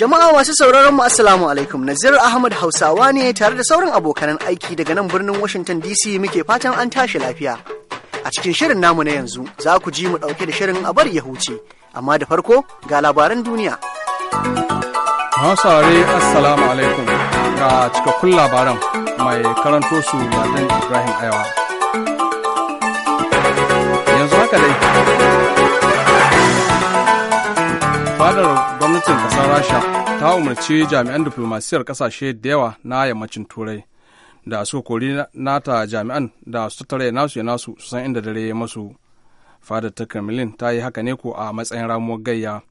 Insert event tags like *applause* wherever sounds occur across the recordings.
Jama'a masu sauraron mu Assalamu alaikum Nazir Ahmad Hausawa ne tare da sauran abokanan aiki daga nan birnin Washington DC muke fatan an tashi lafiya. A cikin shirin namu na yanzu za ku ji mu ɗauke da shirin a bar ya huce, amma da farko ga labaran duniya. Hausare Assalamu alaikum ga cikakkun labaran mai karanto su Ladan Ibrahim Aiwa. Yanzu haka dai. gwamnatin kasar rasha ta umarci jami'an diplomasiyar kasashe da yawa na yammacin turai da su kori nata jami'an da su tattara nasu ya nasu su san inda dare ya masu fadar ta kremlin ta yi haka ne ko a matsayin ramuwar gayya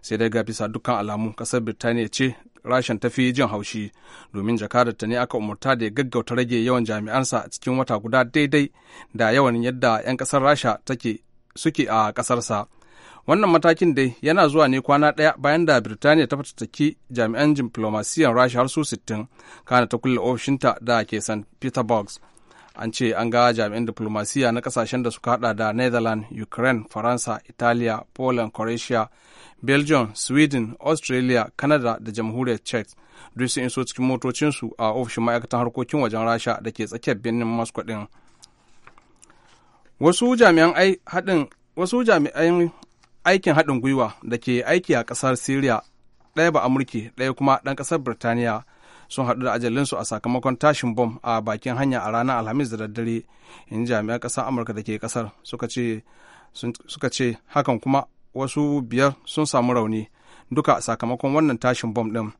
sai dai ga bisa dukkan alamu kasar birtaniya ce rashin tafi jin haushi domin ta ne aka umarta da ya gaggauta rage yawan jami'ansa a cikin wata guda daidai da yawan yadda 'yan kasar rasha take suke a kasarsa wannan matakin dai yana zuwa ne kwana ɗaya bayan da birtaniya ta fatattaki jami'an diplomasiyyar rasha har su 60 kana ta kulle ofishinta da ke st peterburg an ce an ga jami'an diplomasiyya na kasashen da suka hada da netherlands ukraine faransa italiya poland croatia belgium sweden australia canada da jamhuriyar czech duk sun iso cikin motocinsu a ofishin ma'aikatan harkokin wajen rasha da ke tsakiyar birnin moscow din wasu jami'an haɗin wasu jami'an aikin haɗin gwiwa da ke aiki a ƙasar Siriya ɗaya ba Amurki ɗaya kuma ɗan ƙasar Birtaniya sun haɗu da ajalinsu a sakamakon tashin bom a bakin hanya a ranar Alhamis da daddare in jami'an ƙasar Amurka da ke ƙasar suka ce suka ce hakan kuma wasu biyar sun samu rauni duka a sakamakon wannan tashin bom ɗin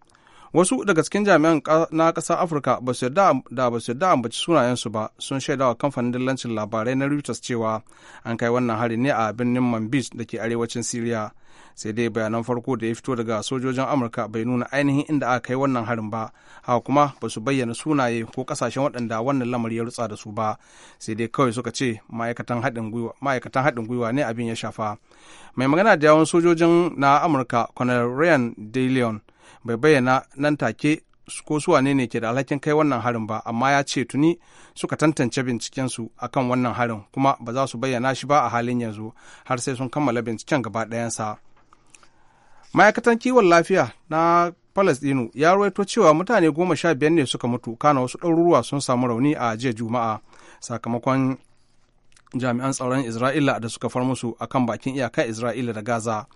wasu daga cikin jami'an na ƙasar afirka ba su yarda da ba su yarda ambaci sunayensu ba sun shaidawa kamfanin dillancin labarai na reuters cewa an kai wannan hari ne a birnin manbij da ke arewacin syria sai dai bayanan farko da ya fito daga sojojin amurka bai nuna ainihin inda aka kai wannan harin ba haka kuma ba su bayyana sunaye ko kasashen waɗanda wannan lamari ya rutsa da su ba sai dai kawai suka ce ma'aikatan haɗin gwiwa ne abin ya shafa mai magana da yawon sojojin na amurka colonel ryan de leon bai bayyana nan take ko su wane ne ke da alhakin kai wannan harin ba amma ya ce tuni suka tantance bincikensu a kan wannan harin kuma ba za su bayyana shi ba a halin yanzu har sai sun kammala binciken gaba ɗayansa ma'aikatan kiwon lafiya na palestinu ya ruwaito cewa mutane goma sha biyar ne suka mutu kana wasu ɗaruruwa sun samu rauni a jiya juma'a sakamakon jami'an tsaron isra'ila da suka far musu akan bakin iyakan isra'ila da gaza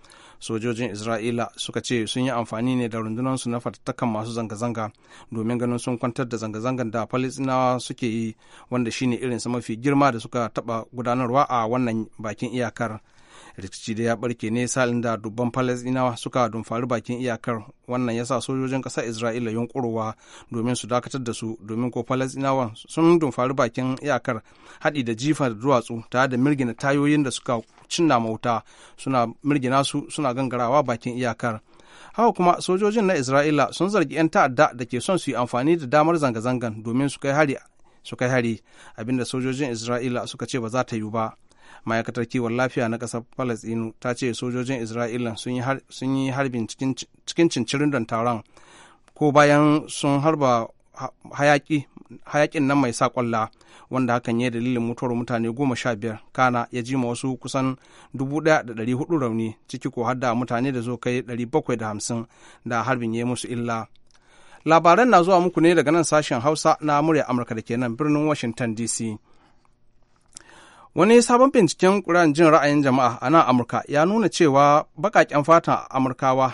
sojojin isra'ila suka ce sun yi amfani ne da rundunansu na fatattakan masu zanga-zanga domin ganin sun kwantar da zanga-zangan da falisinawa suke yi wanda shine irinsa mafi girma da suka taba gudanarwa a wannan bakin iyakar rikici da ya barke ne salin da dubban falasdinawa suka dumfari bakin iyakar wannan yasa sojojin ƙasar isra'ila yunkurowa domin su dakatar da su domin ko falasdinawa sun dumfari bakin iyakar haɗi da jifa da duwatsu tare da mirgina tayoyin da suka cinna mauta suna mirgina su suna gangarawa bakin iyakar haka kuma sojojin na isra'ila sun zargi 'yan ta'adda da ke son su yi amfani da damar zanga-zangan domin su kai su kai hari abinda sojojin isra'ila suka ce ba za ta yiwu ba ma'aikatar kiwon lafiya na ƙasar palestinu ta ce sojojin isra'ila sun yi harbin cikin cincirin don taron ko bayan sun harba hayakin nan mai sa kwalla wanda hakan ya dalilin mutuwar mutane goma sha biyar kana ya ji ma wasu kusan dubu ɗaya da ɗari hudu rauni ciki ko hadda mutane da zo kai ɗari bakwai da hamsin da harbin ya musu illa labaran na zuwa muku ne daga nan sashen hausa na murya amurka da ke nan birnin washington dc Wani sabon binciken ƙuran jin ra'ayin jama'a a nan Amurka ya nuna cewa baƙaƙen fata Amurkawa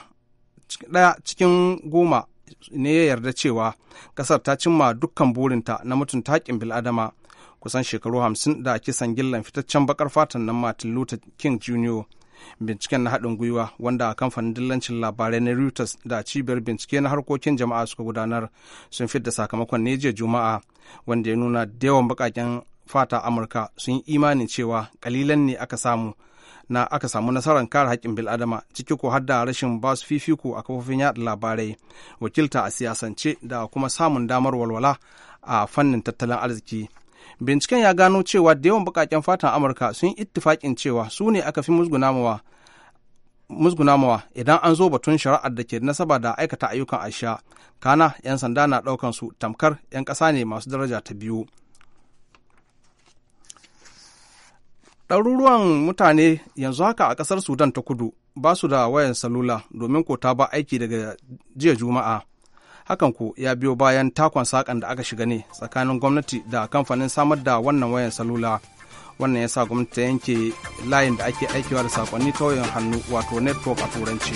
ɗaya cikin goma ne ya yarda cewa ƙasar ta cimma dukkan burinta na mutunta haƙƙin bil'adama kusan shekaru hamsin da kisan gillan fitaccen baƙar fatan nan Martin Luther King Jr. Binciken na haɗin gwiwa wanda a kamfanin dillancin labarai na Reuters da cibiyar bincike na harkokin jama'a suka gudanar sun fidda sakamakon ne jiya Juma'a wanda ya nuna da yawan baƙaƙen fata amurka sun yi imanin cewa kalilan ne aka samu na aka samu nasarar kare haƙƙin bil'adama ciki ko hadda rashin ba su fifiko a kafofin yaɗa labarai wakilta a siyasance da kuma samun damar walwala a fannin tattalin arziki binciken ya gano cewa da yawan bukaken fatan amurka sun yi ittifaƙin cewa su ne aka fi musgunamawa idan an zo batun shari'ar da ke nasaba da aikata ayyukan aisha kana 'yan sanda na ɗaukan su tamkar 'yan ƙasa ne masu daraja ta biyu ɗaruruwan mutane yanzu haka a ƙasar sudan ta kudu ba su da wayan salula domin ko ta ba aiki daga jiya juma'a hakan ko ya biyo bayan takon sakan da aka shiga ne tsakanin gwamnati da kamfanin samar da wannan wayan salula wannan ya sa gwamnati ta yanke layin da ake aikewa da sakonni ta wayan hannu wato network a turanci.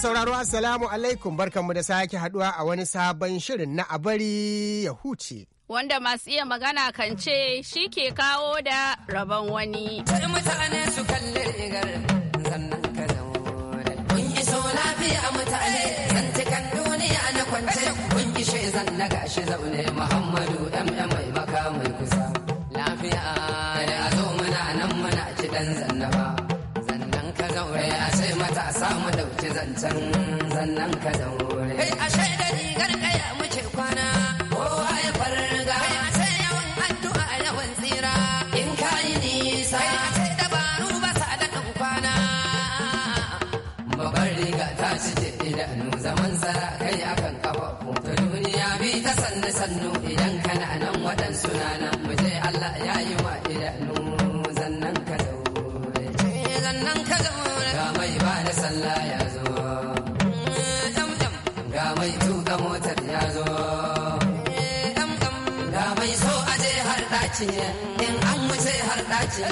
sauraro Assalamu alaikum barkanmu da sake haduwa a wani sabon shirin na abari ya huce. Wanda masu iya magana kan ce shi ke kawo da rabon wani. mutane su kalle zannan zaune Muhammadu ci zancen zannan ka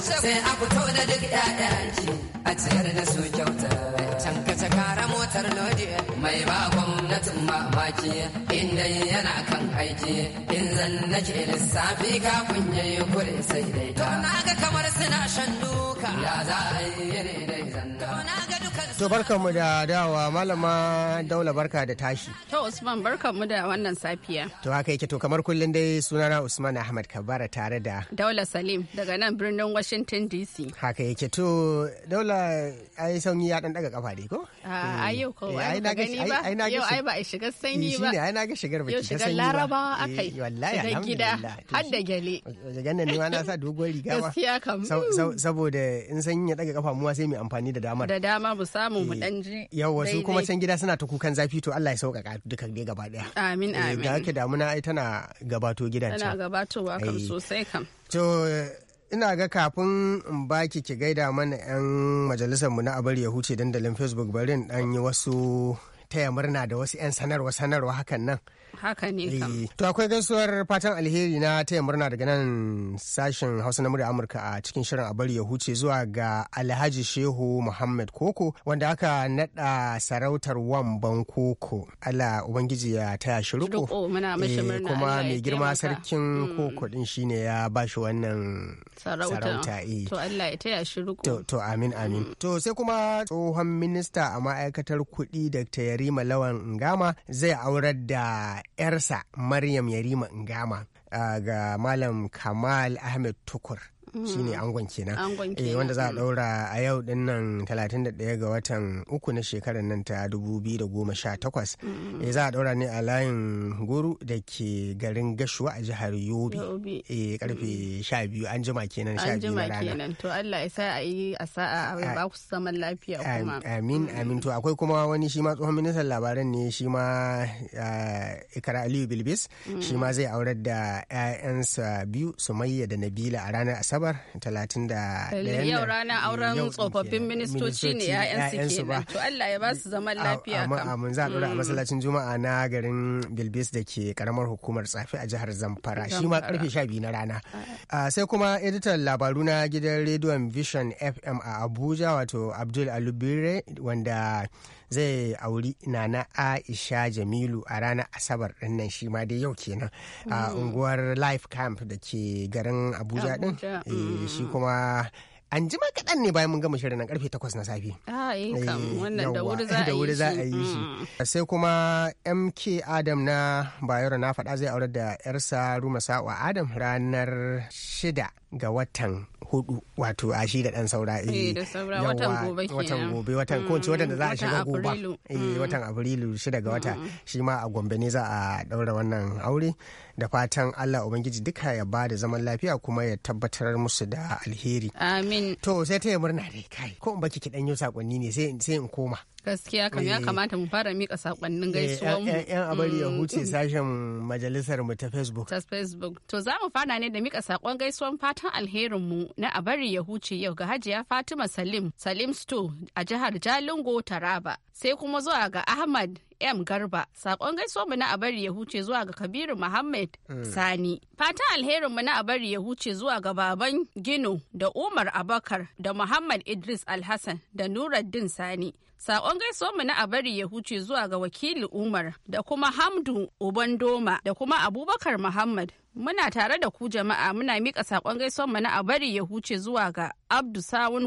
sai a fito da duk ƴaƴanki a ciyar da su kyauta can kace kara motar lodi mai ba gwamnatin mamaki inda yana kan aiki in zan nake lissafi kafin yayi kure sai dai to na ga kamar suna shan duka ya za a yi ne dai zanna To barkanmu da dawa malama daula barka da tashi. To Usman barkanmu da wannan safiya. To haka yake to kamar kullum dai sunana Usman Ahmad Kabara tare da Daula Salim daga nan birnin Washington DC. Haka yake to Daula ai sanyi ya dan daga kafa dai ko? A ah, yau ko eh, ai na gani ba. Yau ai ba a shiga sanyi eh, ba. Shine ai na ga shigar baki ta sanyi. Eh, yau shigar Larabawa akai. Wallahi alhamdulillah. Har da gele. Daga nan ne ma na sa doguwar riga ba. Gaskiya kam. Hmm. Saboda in sanyi ya daga kafa muwa sai mai amfani da damar. Da dama samu mu dan eh, ji yawa su kuma can gida suna ta kukan zafi to Allah ya sauƙaƙa duka dai gaba daya amin eh, amin da haka damuna ai tana gabato gidan tana gabatowa kam eh. sosai kam to ina ga kafin in baki ki gaida mana 'yan majalisar mu na abar ya huce dandalin facebook bari in dan yi wasu taya murna da wasu 'yan sanarwa sanarwa hakan nan haka ne eh, kam to akwai gaisuwar fatan alheri na taya murna daga nan sashen hausa na murya amurka a cikin shirin a bari ya huce zuwa ga alhaji shehu muhammad koko wanda aka nada sarautar wamban koko allah ubangiji ya taya shi ruko eh, kuma mai girma sarkin mm. koko din shine ya ba shi wannan sarauta eh. to allah ya taya shi ruko to amin amin mm. to sai kuma tsohon minista a ma'aikatar kuɗi da yarima lawan ngama zai aurar da 'yarsa Maryam Yarima Ngama eh, ga Malam Kamal Ahmed Tukur. shine angon kenan eh wanda za a daura a yau din nan 31 ga watan uku na shekarar nan ta 2018 eh za a daura ne a layin guru da ke garin gashuwa a jihar yobe eh karfe 12 mm. an jima kenan 12 na rana to Allah ya sa a yi a sa'a a ba ku zaman lafiya kuma amin mm. amin to akwai kuma wani shi ma tsohon ministan labaran ne shi ma ikara aliyu bilbis mm. shi ma zai aurar da 'ya'yansa biyu sumayya da nabila a ranar asabar asabar 31 yau rana auren tsofaffin ministoci ne ya'yan su kenan to Allah ya ba su zaman lafiya kam amma za a dora a mm. masallacin juma'a na garin Bilbis da ke karamar hukumar tsafi a jihar Zamfara shi ma karfe 12 na rana ah. sai kuma editan labaru na gidan rediyon Vision FM a Abuja wato Abdul Alubire wanda zai auri nana aisha jamilu a ranar asabar din nan shi ma dai yau kenan a mm. unguwar life camp da ke garin abuja din eh, shi kuma an jima kaɗan ne bayan mun gama shirin nan karfe takwas na safe. Ah, eh, eh, wannan da wuri za a *laughs* yi shi. Mm. Sai kuma MK Adam na Bayero na faɗa zai aure da 'yarsa Ruma Sa'wa Adam ranar shida ga watan hudu wato a shi da dan saura eh, eh watan gobe watan ko ce watan da za a mm, shiga gobe eh mm. watan afrilu shi daga wata mm. shi ma a gombe ne za a daura wannan aure da fatan Allah ubangiji duka ya bada zaman lafiya kuma ya tabbatar musu da alheri amin to sai ta murna dai kai ko in baki ki danyo sakonni ne sai sai in koma gaskiya kam ya eh. kamata mu fara mika sakonnin eh, gaisuwa mu yan abari ya huce sashen majalisar mu ta facebook ta facebook to za mu fara ne da mika sakon gaisuwan fatan alherin mu na a bari ya huce yau ga Hajiya Fatima Salim Salim Sto a jihar Jalingo Taraba. sai kuma zuwa ga ahmad m garba saƙon gaisuwa mu na abari ya huce zuwa ga kabiru muhammad eh. sani Fata alherin mu na abari ya huce zuwa ga baban gino da umar abakar da muhammad idris alhassan da nuruddin sani saƙon Sakon mu na abari ya huce zuwa ga wakili Umar da kuma Hamdu Ubandoma da kuma Abubakar Muhammad. Muna tare da ku jama'a muna mika sakon mu na abari ya huce zuwa ga Abdu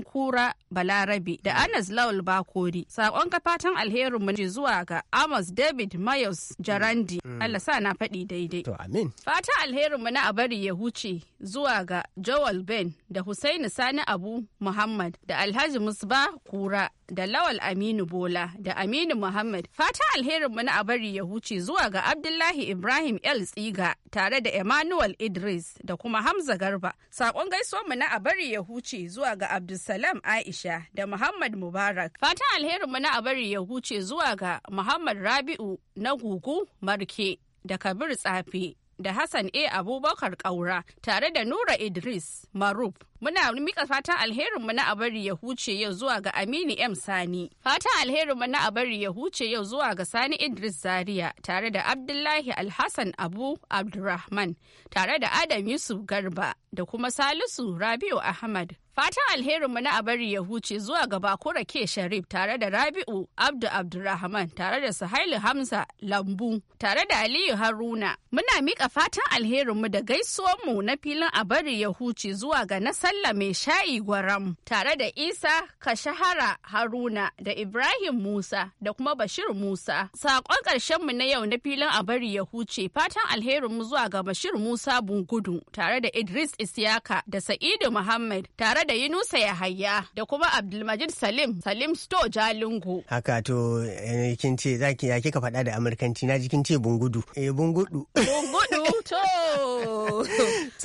Kura Balarabe da Anas Lawal Bakori. Saƙon kafa fatan alherin mu zuwa ga Amos David Mayos Jarandi. Mm. Mm. Allah sa na faɗi daidai. To amin. Fatan alherin mu na abari ya huce zuwa ga Joel Ben da Hussaini Sani Abu Muhammad da Alhaji Musba Kura da Lawal Aminu Bola da Aminu Muhammad. Fatan alherin mu na bari ya huce zuwa ga Abdullahi Ibrahim El Tsiga tare da Emmanuel Idris da kuma Hamza Garba. Sakon gaisuwar mu na bari ya huce zuwa ga Abdulsalam Aisha da Muhammad Mubarak. Fatan alherin mu na abari ya huce zuwa ga Muhammad Rabi'u na Gugu Marke da Kabir Tsafi da Hassan A. Abubakar Kaura tare da Nura Idris Maruf. Muna mika fatan alherinmu na abari ya huce yau zuwa ga Aminu M. Sani. Fatan alherinmu na abari ya huce yau zuwa ga Sani Idris Zaria tare da Abdullahi Alhassan Abu Abdurrahman tare da Adam Yusuf Garba da kuma Salisu Rabiu Ahmad. Fatan alherinmu na abari ya huce zuwa ga Bakura ke Sharif tare da Rabi'u Abdu Abdurrahman tare da Suhailu Hamza Lambu tare da Aliyu Haruna. Muna mika fatan alherinmu da gaisuwanmu na filin abari ya huce zuwa ga na sallah mai sha'i gwaram tare da Isa Kashahara Haruna da Ibrahim Musa da kuma Bashir Musa. Saƙon mu na yau na filin abari ya huce fatan alherinmu zuwa ga Bashir Musa Bungudu tare da Idris Isyaka da Sa'idu Muhammad tare tare da Yunusa Yahaya da kuma Abdulmajid Salim Salim Sto Jalingo. Haka to eh, kin ce zaki ya kika faɗa da Amurkanci na ji kin ce bungudu. Eh bungudu. Bungudu *laughs* to.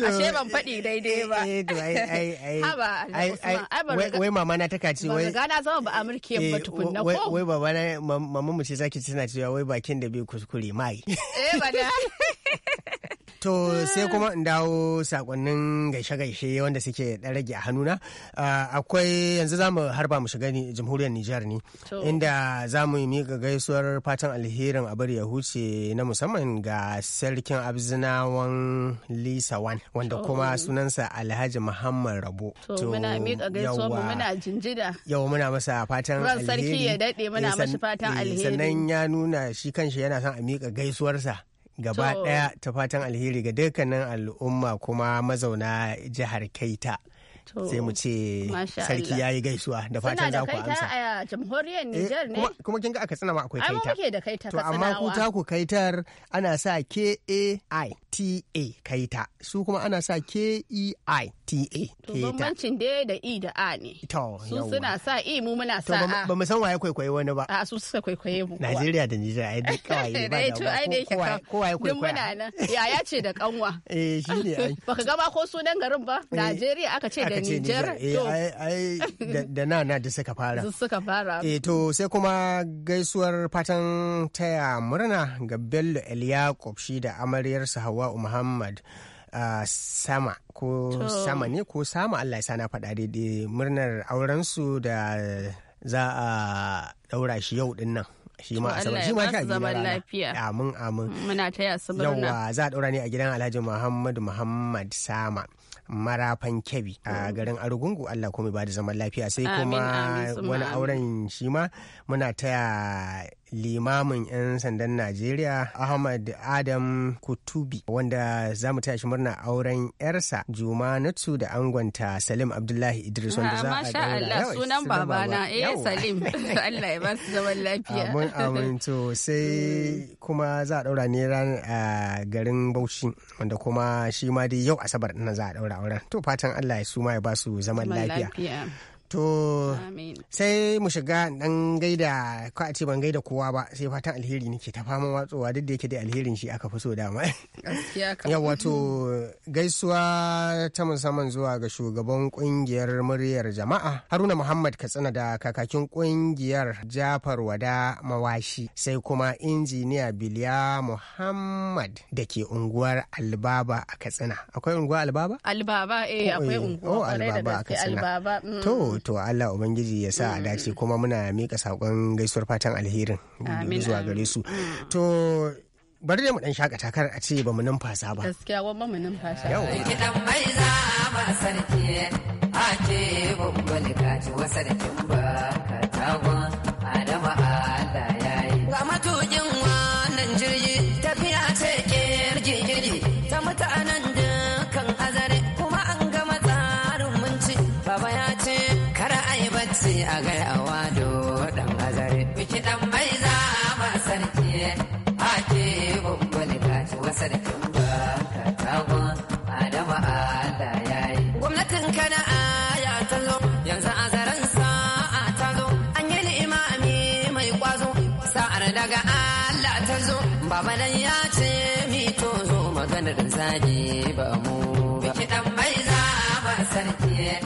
Ashe ban faɗi daidai ba. Eh, eh to ai ai ai. Haba Usman. Wai mama na taka ce wai. gana na zama ba Amurkiyan eh, ba na ko. Wai baba na mama mu ce zaki tana cewa wai bakin da bai kuskure mai. Eh ba *laughs* To sai kuma in dawo sakonnin gaishe-gaishe wanda suke ɗarage rage a hannuna. Akwai yanzu za mu harba mu shiga jamhuriyar Nijar ne, inda za mu yi miƙa gaisuwar fatan alherin abar ya huce na musamman ga sarkin abzinawan Wan wanda kuma oh. sunansa Alhaji Muhammad Rabo. To muna miƙa gaisuwar mu muna jinjida. Yau muna masa fatan alheri. Ran sarki ya daɗe muna eh, masa fatan eh, alheri. Sannan ya nuna shi kanshi yana son a miƙa gaisuwarsa gaba ɗaya ta fatan alheri ga dukkanin al'umma kuma mazauna jihar Kaita. sai mu ce sarki ya yi gaisuwa da fatan za ku amsa. Suna da kaita a jamhuriyar eh, Nijar ne. Kuma kin ga aka tsina ma akwai kaitar. Amma muke da kaitar To amma ku ta ku kaitar ana sa K A I T A kaita su kuma ana sa K E I T A. To bambancin dai da E da A ne. To su suna sa E mu muna sa A. Ba mu san waye kwaikwaye wani ba. A su suka kwaikwaye mu. Najeriya da Nijar ai duk kawai ba *laughs* eh, da ba. Kowa ya kwaikwaya. muna nan. Yaya ce da kanwa. *laughs* Eh shine ai. *laughs* Baka gaba ko sunan garin ba. Eh. Najeriya aka ce da Eh, da Nijar. Ai da na na da suka fara. Suka fara. E to sai kuma gaisuwar fatan taya murna ga Bello eliya shi da amaryarsa Hawwa'u Muhammad. Uh, sama ko sama ne ko sama Allah ya sana faɗa daidai murnar aurensu da za a ɗaura shi yau din nan shi ma asabar shi ma ka zaman lafiya amin amin muna taya su murna yawa za a daura ne a gidan Alhaji Muhammad Muhammad Sama marafan kyabi a mm. garin arugungu allah kuma ba da zaman lafiya sai kuma wani auren shi ma muna taya limamin 'yan sandan Najeriya Ahmad Adam Kutubi wanda za mu tashi murna auren 'yarsa Juma Nutsu da angonta Salim Abdullahi Idris wanda za a Allah sunan babana eh Salim *laughs* Allah ba zaman lafiya. Amin amin sai kuma za a daura ne ran a garin Bauchi wanda kuma shi ma dai yau Asabar na za a daura auren to fatan Allah ya suma ya ba su zaman lafiya. To, sai mu shiga ɗan gaida ko a ce ban gaida kowa ba sai fatan alheri nake ta fama watsowa duk da yake da alherin shi aka fi so dama. Yawa wato gaisuwa ta musamman zuwa ga shugaban kungiyar muryar jama'a Haruna Muhammad Katsina da kakakin kungiyar Jafar Wada Mawashi sai kuma injiniya Biliya Muhammad da ke unguwar Albaba a Katsina. Akwai unguwar Albaba? Albaba eh akwai eh, unguwar oh, Albaba a Katsina. Mm. to Allah ubangiji ya sa a mm. dace kuma muna mika sakon gaisuwar fatan alherin zuwa gare su mm. to bari da mu dan shakata kar a ce ba mu numfasa ba gaskiya wa mu numfasa yau kidan mai za ba sarki ake bubbal kaji wasarki kai a wado dan azare biki dan mai za ma sarki ake bumbuli gashi wa sarkin ba ka tago adama Allah yayi gwamnatin kana aya ta zo yanzu azaren sa a zo an yi imami mai kwazo sa'ar daga Allah ta zo baba dan ya ce mi to zo maganar zagi ba mu biki dan mai za ma sarki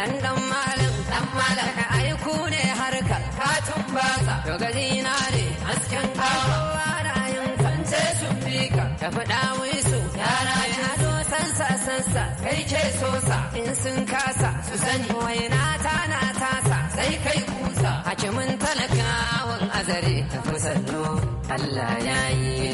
Dan dan malam, dan malam ka aiku ne harka ka tumbasa. To gajina ne hasken kawo. yin sance sun bi ka. Ka faɗa su yara ya zo sansa sansa kai ke sosa. In sun kasa su sani waina ta na tasa sai kai kusa. Hakimin talakawan azare ta fi sannu Allah ya yi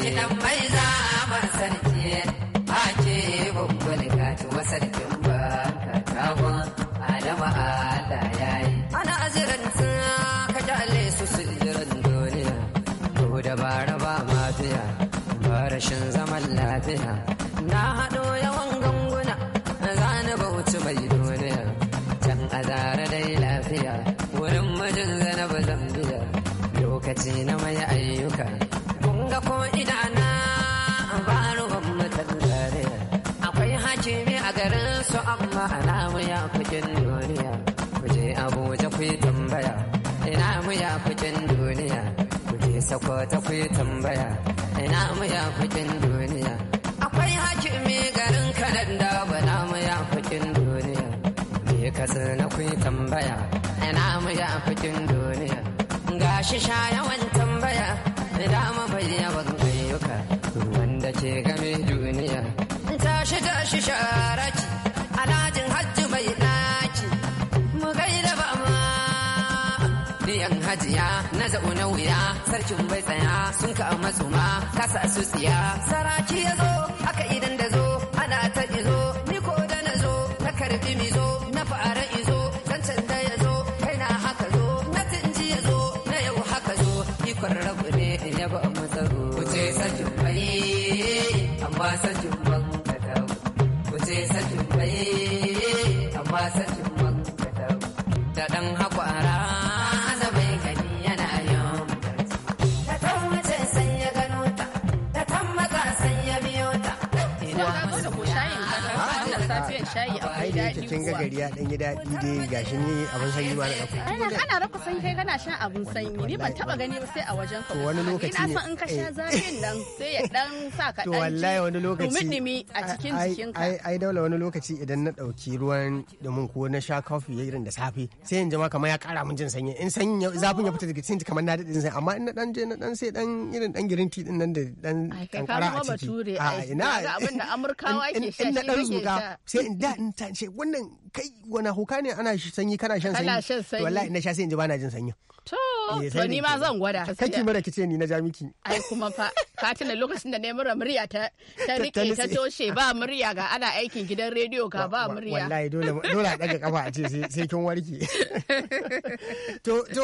ya tambaya ina mu ya fikin duniya akwai hakimi garin kanan da bana mu ya fikin duniya me ka na kuyi tambaya ina mu ya fikin duniya gashi sha yawan tambaya ina mu bai yawan gayyuka wanda ke game duniya tashi tashi sharaci jin hajji bai kan hajiya na zaɓo na wuya sarkin bai tsaya sun ka mazuma kasa su tsiya saraki ya zo aka idan da zo ana ta izo ni ko da na zo na karbi mi zo 我。safiyar shayi a akwai daɗi kin ga gari ya dan yi daɗi dai gashi ni abun sanyi ma na ɗauko kana kana raka sanyi kai kana shan abun sanyi ni ban taɓa gani sai a wajen ka to wani lokaci ne ina son in ka sha eh. zafin nan sai ya dan sa ka dan to wallahi wani lokaci Dumin dumi a cikin jikin ka ai daula wani lokaci idan na ɗauki ruwan dumin ko na sha kofi irin da safe sai in jama kamar ya ƙara min jin sanyi in sanyi zafin ya fita daga cikin kamar na daɗin sanyi amma in na dan je na dan sai dan irin dan girin ti din nan da dan kankara a ciki a ina abin da amurkawa ke sha in na dan zuga sai in da in ta ce wannan kai wani hoka ne ana sanyi kana shan sanyi wallahi na sha sai in ji bana jin sanyi To, eh, to ni ma zan gwada. Kaki mara kice ni na ja miki. Ai kuma fa ka tuna lokacin da ne mura murya ta ta rike ta toshe ba murya ga ana aikin gidan rediyo ga ba murya. Wallahi dole dole a daga kafa a ce sai kin warke. *laughs* To to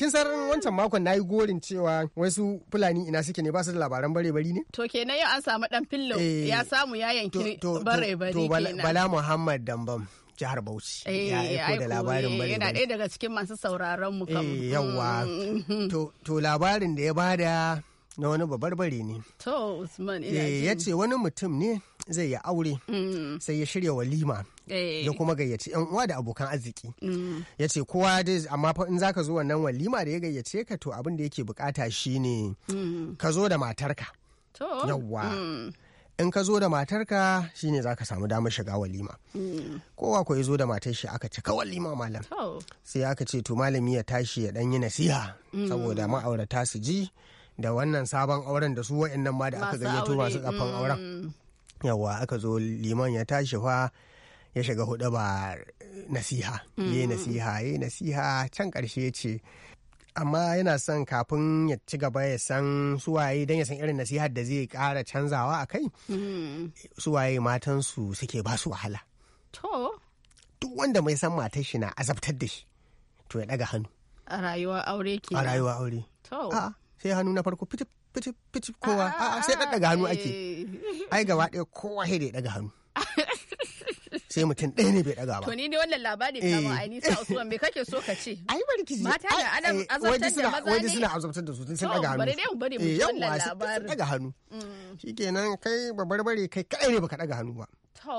kin san wancan makon nayi gorin cewa wasu Fulani ina suke ne ba su da labaran bare bari ne? To kenan yau an samu dan fillo eh. ya samu ya yanki bare bari kenan. To Bala Muhammad Dambam. jihar Bauchi. Ya eh, aiko da labarin eh, bari. Yana ɗaya daga cikin masu sauraron mu kan eh, Yawwa. Mm. To labarin da ya bada na wani babarbare ne. To Usman ina Ya ce wani mutum ne zai yi aure mm. sai ya shirya walima ya kuma gayyaci yan uwa da abokan arziki. Mm. Ya ce kowa dai amma in zaka zo wannan walima da ya gayyace ka to abin da yake bukata shine ka zo da matarka. Yawwa. in ka zo da matarka shine za ka samu damar shiga walima kowa ko ya zo da matar shi aka cika walima malam sai aka ce to malami ya tashi ya dan yi nasiha mm. saboda ma'aurata su ji da wannan sabon auren da su wa'annan ma da aka gayyato masu kafan auren mm. yawa aka zo liman ya tashi fa ya shiga hudu ba nasiha mm. Ye nasiha ye nasiha can karshe ce amma yana son kafin ya ci gaba ya san suwaye don ya san irin nasihar da zai kara canzawa a kai hmm. suwaye matansu suke ba su wahala to duk wanda mai san matar shi na azabtar da shi to ya daga hannu a rayuwa aure ke a rayuwa aure to sai hannu na farko fitif fitif fitip kowa sai daga hannu ake eh. ai gaba ɗaya kowa sai da ya daga hannu sai mutum ɗaya ne bai ɗaga ba. To ni ne wannan labari kama eh. a nisa Usman me kake so ka ce? Ai bari ki ji. Mata eh, da adam azabtar da maza ne. suna azabtar da su sun eh, ɗaga hannu. Bari dai bari mu wannan labarin. Sun ɗaga hannu. Shikenan kai babbar bare kai kaɗai ne baka ɗaga hannu ba. A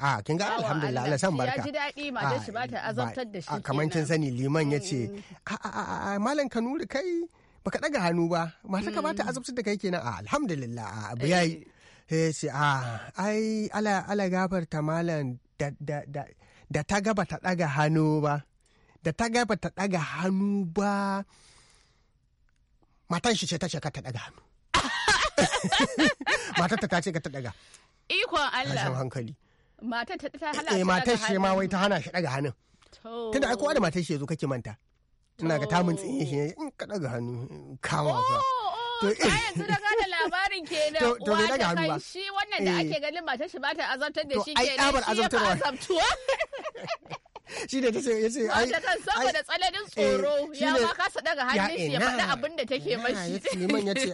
ah, kin ga alhamdulillah Allah san barka. Ya ji daɗi da shi ba ta azabtar da shi. Kamar kin sani liman ya ce mm. a malam Kanuri kai baka ɗaga hannu ba mata ka ba ta mm. azabtar da kai kenan a ah, alhamdulillah ah, a biyayi sai ce a ah, ah. ai ala ala ta malam da da da da ta gaba ta daga hannu ba da ta gaba ta daga hannu ba matan shi ce ta ce ka ta daga hannu *laughs* matar ta ce ka ta daga ikon Allah hankali matar ta ta hana eh matar shi ma wai ta hana shi daga hannu? tunda ai kowa da matar shi yazo kake manta ina ga tamun tsinye shi in ka daga hannu Kawo. To yanzu da labarin kenan. *laughs* To bai daga hannu ba. Shi wannan da eh. ake ganin matar shi ba da shi kenan. Ai abar azabtarwa. *laughs* shi ne ta ce ya ce ai kan saboda eh, tsoro ya ma kasa daga hannun shi ya eh, faɗi abin da take mashi liman ya ce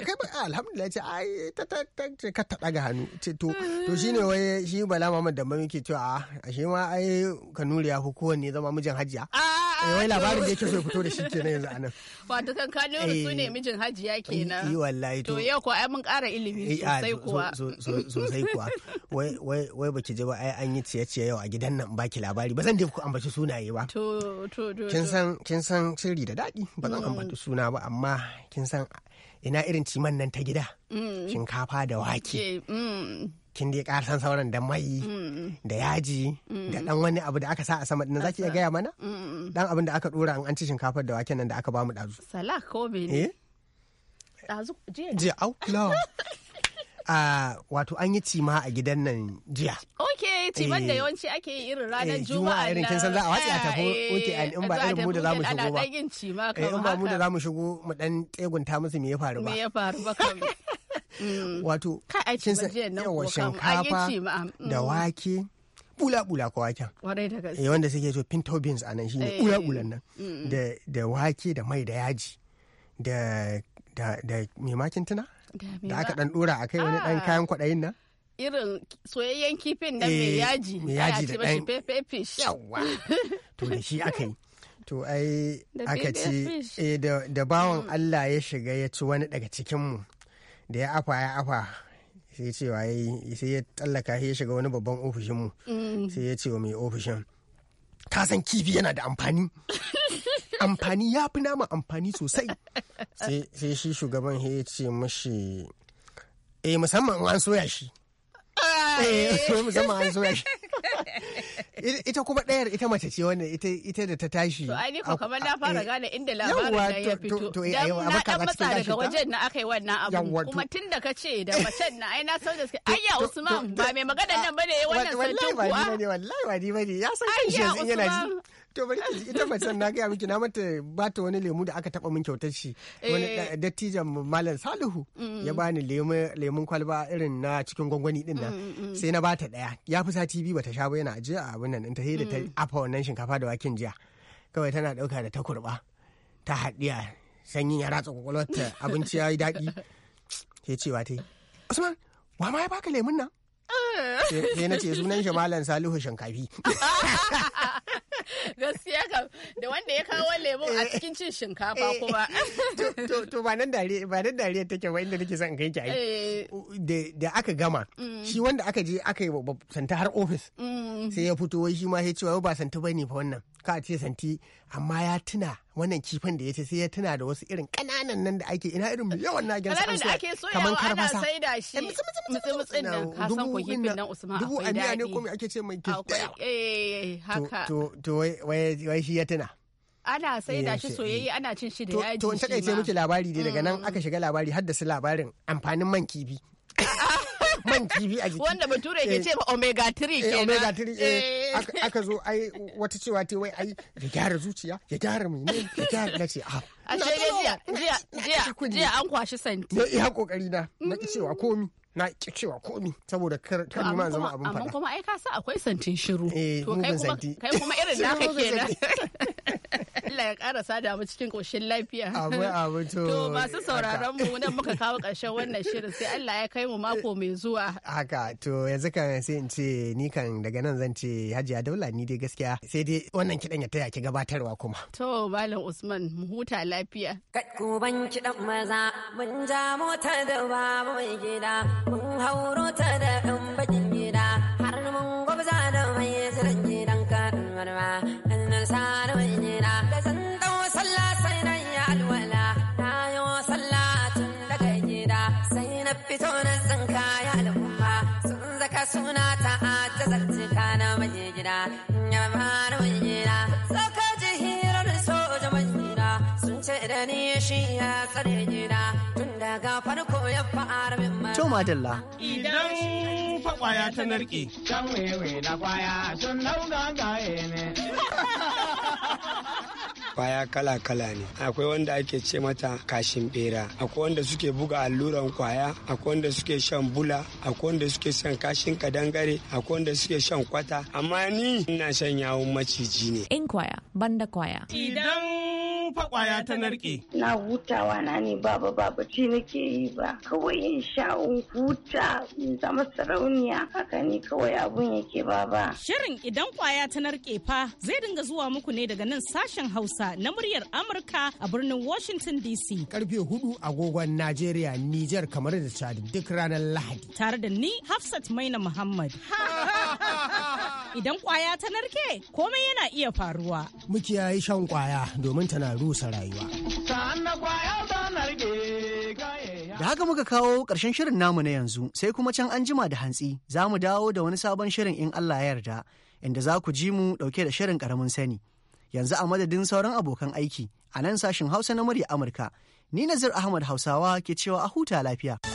kai ba alhamdulillah ce ai ta ta ta ka ta daga hannu ce to to shine wai shi bala mamad da mami ke cewa a ah, shi ma ai kanuri ya fi kowanne zama mijin hajiya ah, Eh, wai labarin da yake so fito da shi *laughs* na yanzu anan wato kan kano su ne eh. mijin hajiya eh, ke yi wallahi to yau ko ai mun ƙara ilimi ah, sosai kuwa sosai kuwa wai baki ji ba ai an yi ciye-ciye yau a gidan nan baki labari ba zan dai ku ambaci sunaye ba to to to kin san kin san sirri da daɗi ba zan mm. ambaci suna ba amma kin san ina irin ciman nan ta gida mm. shinkafa da wake mm. kin dai karsan sauran da mai mm. da yaji mm. da dan wani abu da aka sa a sama din zaki iya gaya mana dan mm. abin da aka dora an an ci shinkafar da waken nan da aka bamu dazu sala ko mene dazu je je au la *laughs* a ah, wato an yi cima a gidan nan jiya ok ciman da eh. yawanci ake yi irin ranar eh, juma'a irin kin san za a watsi a tafi eh, an in ba irin mu da zamu shigo ba in ba mu da zamu shigo mu dan tsegunta musu me ya faru ba me ya faru ba kawai *laughs* Mm. wato kin san yawa shinkafa mm. da wake bula-bula ko waken. Warai gaske. Eh, wanda suke so pinto beans a nan shine eh. bula-bulan nan mm. da wake da mai da yaji da da da makin tuna? Da aka dan dora kai wani dan ah. kayan kwaɗayin nan. Irin soyayyen kifin da mai eh, yaji. Mai yaji da dan. Pepe Yawwa. *laughs* To da shi aka yi. To ai aka ce da bawan Allah ya shiga ya ci wani daga cikinmu da ya afa ya afa sai cewa sai ya tsallaka ya shiga wani babban ofishinmu mm. sai ya ce wa mai ofishin ka san kifi yana da amfani *laughs* amfani ya fi nama amfani sosai sai shi shugaban ya ce mashi eh musamman an soya shi eh *laughs* musamman an soya shi *laughs* ita kuma ɗayar ita mace ce wannan ita ita da ta tashi to ai ko kamar na fara eh. gane inda labarin nan ya fito eh, dan na dan matsa daga wajen na akai wannan abu kuma tun da ce da macen na ai na san da ayya Usman ba mai magana nan bane wannan santin kuwa wallahi wallahi wani bane ya san shi yana ji to bari ki ita fasan na gaya miki na mata ba ta wani lemu da aka taba min kyautar shi wani eh. Eh, dattijan malam salihu ya bani lemu lemun kwalba irin na cikin gwangwani din nan sai na bata daya ya fi sati biyu bata sha ba yana ajiya a abun nan ta sai da ta mm. afa wannan shinkafa da waken jiya kawai tana dauka da takurba ta haɗiya sanyin ya ratsa ta abinci ya yi daɗi *laughs* ke cewa ta usman wa ma ya baka lemun nan Eh. Eh, sai na ce sunan shi malam salihu shinkafi *laughs* gaskiya kam da wanda ya kawo lemun a eh. cikin cin shinkafa kuma *laughs* to ba nan dariya ba nan dare ta ba inda nake son kai ki ai da aka gama mm. shi wanda aka je aka yi santa har office mm. sai ya fito wai shi ma ya ce ba santa bane fa wannan ka ce santi amma ya tuna wannan kifin da ya ce sai ya tuna da wasu irin kananan nan da ake ina irin yawan na gansu an soya kaman karfasa sai da eh, shi mutsumutsin nan ka san ko kifin nan Usman dubu aniya ne ko ake ce mai kifi haka to to wai shi ya tuna ana sai da shi soyayye ana cin shi da yaji to in takaice muke labari dai daga nan aka shiga labari har da su labarin amfanin man kifi man kifi a jiki wanda bature ke eh, ce ma omega 3 eh, kenan omega 3 eh, aka zo ai wata cewa te wai ai ya gyara zuciya ya gyara mai ne ya gyara na ce a ah, *laughs* ashe jiya jiya jiya jiya an kwashi santi na iya kokari na na mm. cewa komi na ki cewa komi saboda kar kar ma zama abin fada amma kuma ai ka sa akwai santin shiru to kai kuma kai kuma irin naka *laughs* kenan *laughs* Allah ya ƙara sada mu cikin koshin lafiya. Amin amin to. To masu sauraron mu nan muka kawo ƙarshen wannan shirin sai Allah ya kai mu mako mai zuwa. Haka to yanzu kan sai in ce ni kan daga nan zan ce Hajiya Daula ni dai gaskiya sai dai wannan kiɗan ya taya ki gabatarwa kuma. To Malam Usman mu huta lafiya. ban kiɗan maza mun ja mota da babu mai gida mun hauro ta da ɗan bakin gida. farko ya fa'ar min ma. To madalla. Idan fa ta narke. Can wewe na kwaya sun lauga gaye ne. *laughs* kwaya kala-kala ne akwai wanda ake ce mata kashin bera akwai wanda suke buga alluran kwaya akwai wanda suke shan bula akwai wanda suke shan kashin kadangare akwai wanda suke shan kwata amma ni ina shan yawon maciji ne in kwaya banda kwaya idan fa kwaya ta narke na hutawa na ne baba baba ce nake yi ba kawai in sha huta in zama sarauniya haka ne kawai abun yake baba shirin idan kwaya ta narke fa zai dinga zuwa muku ne daga nan sashen hausa Hausa na muryar Amurka a birnin Washington DC. Karfe hudu agogon Najeriya, Nijar kamar da Chad duk ranar Lahadi. Tare da ni Hafsat Maina Muhammad. *laughs* Idan kwaya ta narke, komai yana iya faruwa. yi shan kwaya domin tana rusa rayuwa. Da haka muka kawo ƙarshen shirin namu na yanzu, sai kuma can an jima da hantsi, za mu dawo da wani sabon shirin in Allah ya yarda, inda za ku ji mu ɗauke da shirin ƙaramin sani. yanzu a madadin sauran abokan aiki a nan sashin hausa na murya amurka ni nazir ahmad hausawa ke cewa a huta lafiya.